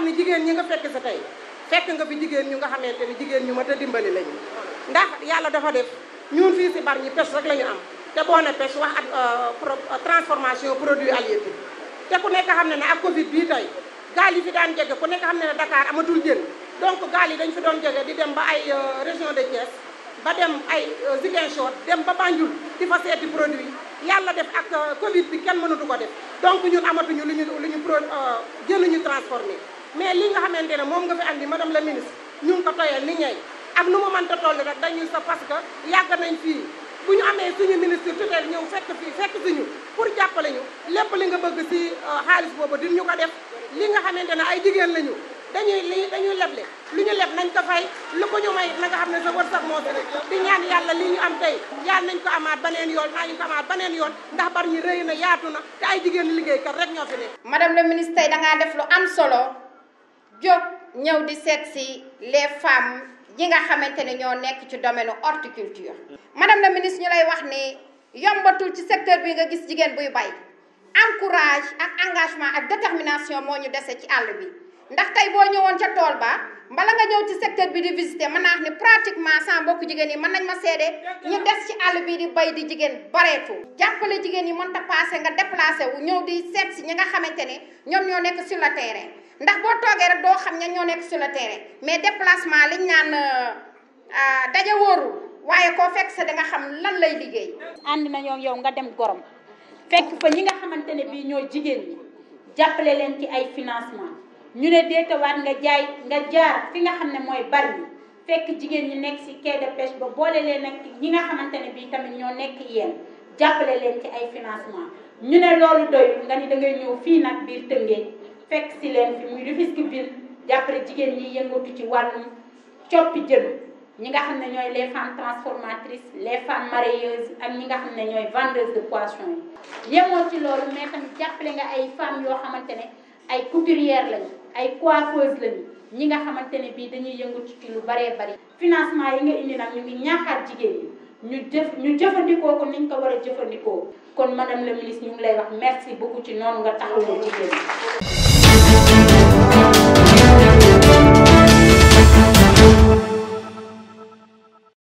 xam jigéen ñi nga fekk sa tey fekk nga bi jigéen ñu nga xamante ni jigéen ñu mat a dimbali lañu ndax yàlla dafa def ñun fii si bar ñi pêche rek la ñu am te boo ne pêche wax ak euh, produit euh, produit halieutique te ku nekk xam ne ne ak Covid bii tey gaal yi fi daan jege ku nekk xam ne ne Dakar amatul jën donc gaal yi dañ fi doon jege di dem ba ay euh, région de Thiès ba dem ay Ziguinchor dem ba Banjul di fa seeti produit yàlla def ak Covid bi kenn mënatu ko def donc ñun amatuñu lu ñu lu ñu pro jën lu ñu transformé mais lii nga xamante ne moom nga fi andi madame la ministre ñu ngi ko toyal ni ñey ak nu mu mënta toll rek dañuy sa parce que yàgg nañ fii bu ñu amee suñu ministre tutelle ñëw fekk fii fekk suñu pour jàppale ñu lépp li nga bëgg ci euh, xaalis boobu di ñu ko def li nga xamante ne ay jigéen lañu dañuy li dañuy leble lu ñu leb nañ ko fay lu ko ñu may na nga xam ne sa wërsëg moo fi di ñaan yàlla li ñu am tey yàlla nañ ko amaat baneen yoon naa ñu ko amaat yoon ndax bar ñu rëy na yaatu na te jigéen liggéeykat ñoo fi nekk. madame la ministre solo. jóg ñëw di seet si les femmes yi nga xamante ne ñoo nekk ci domaine horticulture. madame na ministre ñu lay wax ni yombatul ci secteur bi nga gis jigéen buy bay am courage ak engagement ak détermination moo ñu dese ci àll bi. ndax tay bo ñëwoon ci tool ba mbala nga ñëw ci secteur bi di visiter man naa wax pratiquement sans mbokk jigen yi man nañ ma sédé ñu dess ci all bi di bay di jigen barétu jappalé jigen yi mën ta passé nga déplacer wu ñëw di sét ci ñi nga xamante ne ñoo nekk sur le terrain ndax bo togué rek do xam ña ñoo nekk sur le terrain mais déplacement liñ euh, euh dajé woru waaye ko fekk sa da nga xam lan lay liggéey and na ñoom yow nga dem gorom fekk fa ñi nga xamante ne bii ñooy jigéen ñi jàppale leen ci ay financement ñu ne deetawaat nga jaay nga jaar fi nga xam ne mooy bar yi fekk jigéen ñi nekk ci quai de pêche ba boole leen ak ñi nga xamante ne bii tamit ñoo nekk yéen jàppale leen ci ay financement ñu ne loolu doyul nga ni da ngay ñëw fii nag biir Tëngéej fekk ci leen fi muy Rufisque ville jàppale jigéen ñi yëngatu ci wàllum coppi jën ñi nga xam ne ñooy les femmes transformatrice les femmes mareyeuses ak ñi nga xam ne ñooy vendeuses de poissons yi yemoo ci loolu mais tamit jàppale nga ay femmes yoo xamante ne ay couturières lañu ay coiffeuse lañu ñi nga xamante ne bii dañuy yëngut ci lu baree bari financement yi nga indi nag ñu ngi ñaaxaat jigéen ñu jëf ñu jëfandikoo ko niñ ko war a jëfandikoo kon madame la ministre ñu ngi lay wax merci beaucoup ci noonu nga taxawoo jigéen